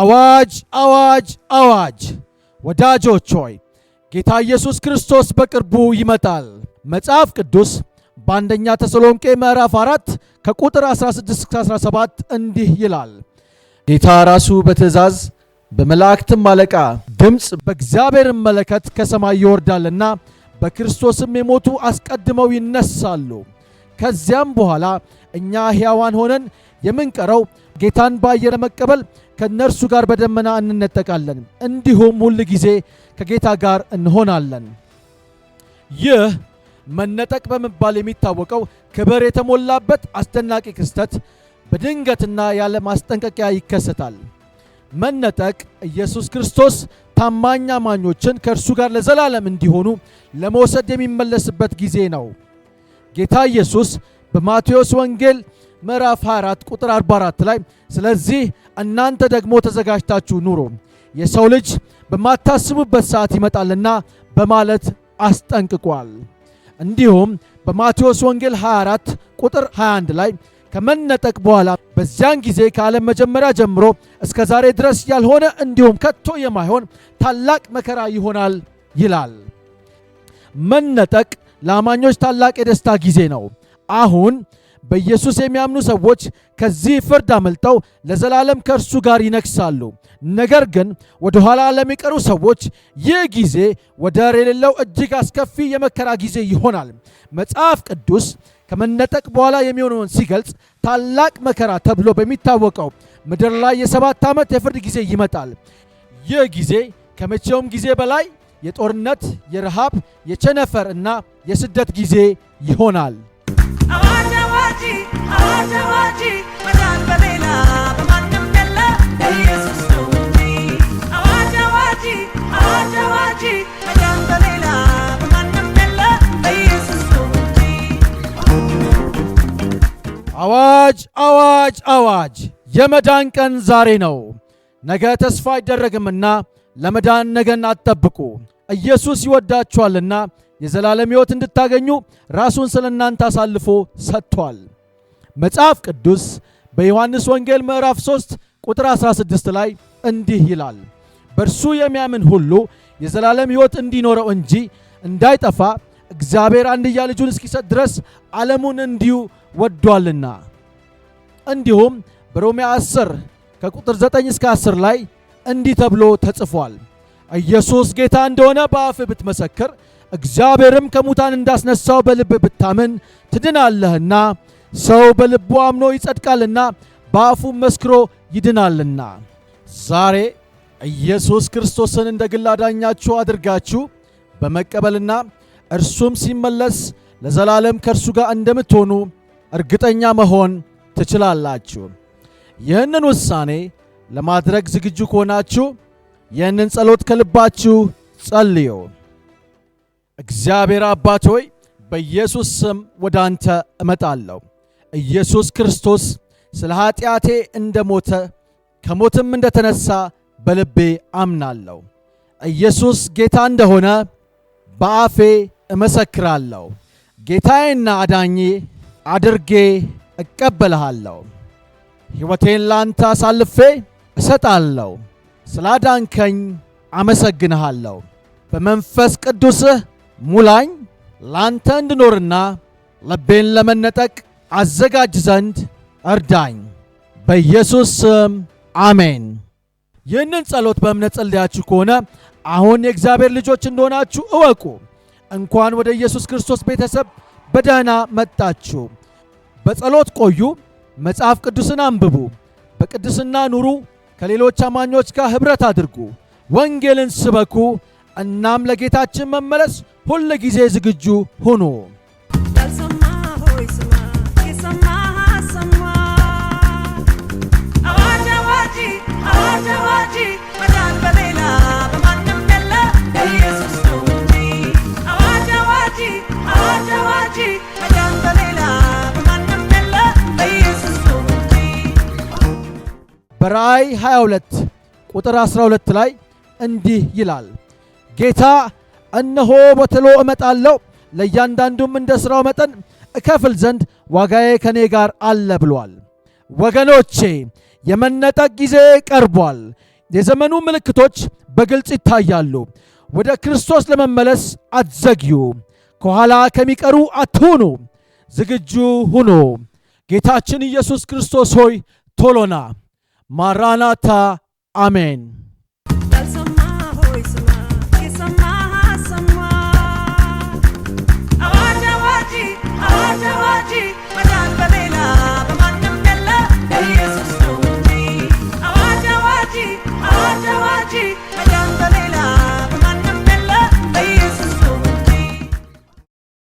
አዋጅ አዋጅ አዋጅ! ወዳጆች ሆይ ጌታ ኢየሱስ ክርስቶስ በቅርቡ ይመጣል። መጽሐፍ ቅዱስ በአንደኛ ተሰሎንቄ ምዕራፍ 4 ከቁጥር 16-17 እንዲህ ይላል፣ ጌታ ራሱ በትእዛዝ በመላእክትም አለቃ ድምፅ በእግዚአብሔርን መለከት ከሰማይ ይወርዳልና በክርስቶስም የሞቱ አስቀድመው ይነሳሉ። ከዚያም በኋላ እኛ ሕያዋን ሆነን የምንቀረው ጌታን በአየር መቀበል ከእነርሱ ጋር በደመና እንነጠቃለን፣ እንዲሁም ሁል ጊዜ ከጌታ ጋር እንሆናለን። ይህ መነጠቅ በመባል የሚታወቀው ክብር የተሞላበት አስደናቂ ክስተት በድንገትና ያለ ማስጠንቀቂያ ይከሰታል። መነጠቅ ኢየሱስ ክርስቶስ ታማኝ አማኞችን ከእርሱ ጋር ለዘላለም እንዲሆኑ ለመውሰድ የሚመለስበት ጊዜ ነው። ጌታ ኢየሱስ በማቴዎስ ወንጌል ምዕራፍ 24 ቁጥር 44 ላይ ስለዚህ እናንተ ደግሞ ተዘጋጅታችሁ ኑሮ የሰው ልጅ በማታስቡበት ሰዓት ይመጣልና በማለት አስጠንቅቋል። እንዲሁም በማቴዎስ ወንጌል 24 ቁጥር 21 ላይ ከመነጠቅ በኋላ በዚያን ጊዜ ከዓለም መጀመሪያ ጀምሮ እስከ ዛሬ ድረስ ያልሆነ እንዲሁም ከቶ የማይሆን ታላቅ መከራ ይሆናል ይላል። መነጠቅ ለአማኞች ታላቅ የደስታ ጊዜ ነው። አሁን በኢየሱስ የሚያምኑ ሰዎች ከዚህ ፍርድ አመልጠው ለዘላለም ከእርሱ ጋር ይነግሳሉ። ነገር ግን ወደ ኋላ ለሚቀሩ ሰዎች ይህ ጊዜ ወደር የሌለው እጅግ አስከፊ የመከራ ጊዜ ይሆናል። መጽሐፍ ቅዱስ ከመነጠቅ በኋላ የሚሆነውን ሲገልጽ ታላቅ መከራ ተብሎ በሚታወቀው ምድር ላይ የሰባት ዓመት የፍርድ ጊዜ ይመጣል። ይህ ጊዜ ከመቼውም ጊዜ በላይ የጦርነት፣ የረሃብ፣ የቸነፈር እና የስደት ጊዜ ይሆናል። አዋጅ አዋጅ አዋጅ! የመዳን ቀን ዛሬ ነው። ነገ ተስፋ አይደረግምና ለመዳን ነገን አትጠብቁ። ኢየሱስ ይወዳችኋልና የዘላለም ሕይወት እንድታገኙ ራሱን ስለ እናንተ አሳልፎ ሰጥቷል። መጽሐፍ ቅዱስ በዮሐንስ ወንጌል ምዕራፍ 3 ቁጥር 16 ላይ እንዲህ ይላል፣ በእርሱ የሚያምን ሁሉ የዘላለም ሕይወት እንዲኖረው እንጂ እንዳይጠፋ እግዚአብሔር አንድያ ልጁን እስኪሰጥ ድረስ ዓለሙን እንዲሁ ወዷልና። እንዲሁም በሮሜ 10 ከቁጥር 9 እስከ 10 ላይ እንዲህ ተብሎ ተጽፏል፣ ኢየሱስ ጌታ እንደሆነ በአፍህ ብትመሰክር፣ እግዚአብሔርም ከሙታን እንዳስነሳው በልብህ ብታምን ትድናለህና ሰው በልቡ አምኖ ይጸድቃልና በአፉ መስክሮ ይድናልና። ዛሬ ኢየሱስ ክርስቶስን እንደ ግል አዳኛችሁ አድርጋችሁ በመቀበልና እርሱም ሲመለስ ለዘላለም ከእርሱ ጋር እንደምትሆኑ እርግጠኛ መሆን ትችላላችሁ። ይህንን ውሳኔ ለማድረግ ዝግጁ ከሆናችሁ ይህንን ጸሎት ከልባችሁ ጸልዩ። እግዚአብሔር አባት ሆይ በኢየሱስ ስም ወደ አንተ እመጣለሁ። ኢየሱስ ክርስቶስ ስለ ኃጢአቴ እንደ ሞተ ከሞትም እንደ ተነሣ በልቤ አምናለሁ። ኢየሱስ ጌታ እንደሆነ በአፌ እመሰክራለሁ። ጌታዬና አዳኜ አድርጌ እቀበልሃለሁ። ሕይወቴን ላንተ አሳልፌ እሰጣለሁ። ስላዳንከኝ አመሰግንሃለሁ። በመንፈስ ቅዱስህ ሙላኝ ላንተ እንድኖርና ልቤን ለመነጠቅ አዘጋጅ ዘንድ እርዳኝ። በኢየሱስ ስም አሜን። ይህንን ጸሎት በእምነት ጸልያችሁ ከሆነ አሁን የእግዚአብሔር ልጆች እንደሆናችሁ እወቁ። እንኳን ወደ ኢየሱስ ክርስቶስ ቤተሰብ በደህና መጣችሁ። በጸሎት ቆዩ፣ መጽሐፍ ቅዱስን አንብቡ፣ በቅድስና ኑሩ፣ ከሌሎች አማኞች ጋር ኅብረት አድርጉ፣ ወንጌልን ስበኩ። እናም ለጌታችን መመለስ ሁል ጊዜ ዝግጁ ሁኑ። በራእይ 22 ቁጥር 12 ላይ እንዲህ ይላል፣ ጌታ እነሆ በቶሎ እመጣለሁ፣ ለእያንዳንዱም እንደ ሥራው መጠን እከፍል ዘንድ ዋጋዬ ከእኔ ጋር አለ ብሏል። ወገኖቼ የመነጠቅ ጊዜ ቀርቧል። የዘመኑ ምልክቶች በግልጽ ይታያሉ። ወደ ክርስቶስ ለመመለስ አትዘግዩ። ከኋላ ከሚቀሩ አትሁኑ፣ ዝግጁ ሁኑ። ጌታችን ኢየሱስ ክርስቶስ ሆይ ቶሎና Maranatha. Amen.